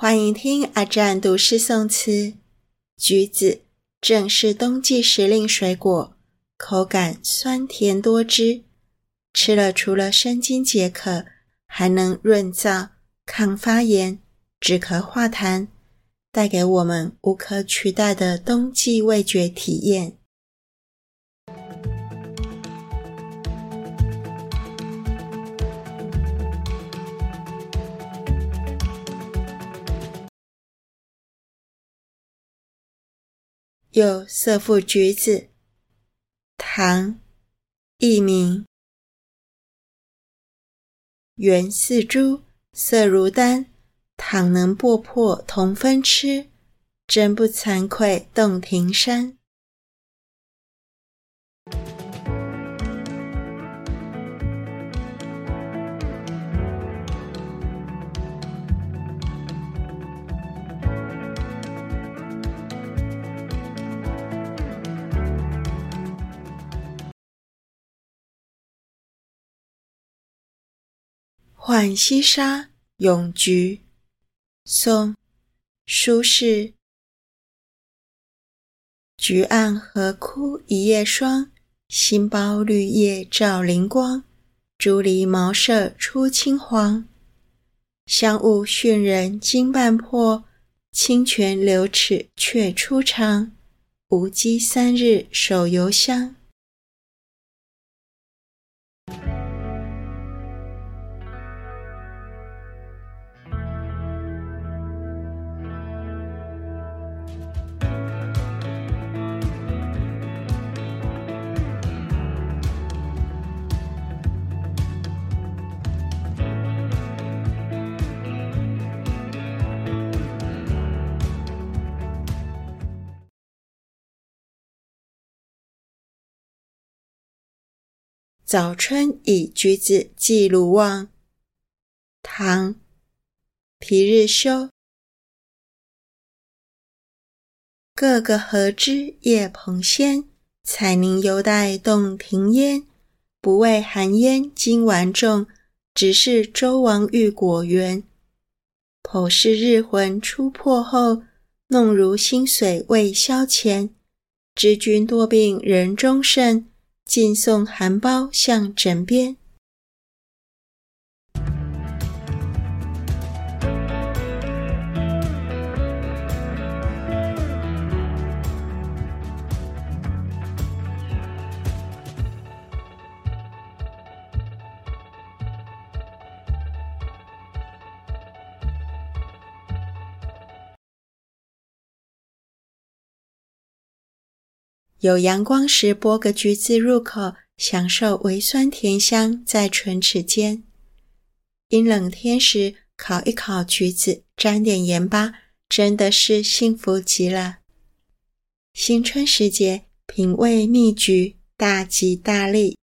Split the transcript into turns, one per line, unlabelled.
歡迎聽阿占讀詩誦詞。橘子正是冬季時令水果，口感酸甜多汁，吃了除了生津解渴，還能潤燥、抗發炎、止咳化痰，帶給我們無可取代的冬季味覺體驗。
又射覆橘子，唐，
佚名。圓似珠，色如丹，儻能擘破同分吃，爭不慚愧洞庭山。
《浣溪沙·詠橘》
宋·蘇軾。菊暗荷枯一夜霜，新苞綠葉照林光。竹籬茅舍出青黃。香霧噀人驚半破，清泉流齒怯初嘗。吳姬三日手猶香。
早春以橘子寄魯望，唐·皮日休。
個個和枝葉捧鮮，彩凝猶帶洞庭煙。不為韓嫣金丸重，直是周王玉果圓。剖似日魂初破後，弄如星髓未銷前。知君多病仍中聖。盡送寒苞向枕邊。有陽光時，剝個橘子入口，享受微酸甜香在唇齒間；陰冷天時，烤一烤橘子，沾點鹽巴，真的是幸福極了。新春時節，品味蜜橘，大吉大利。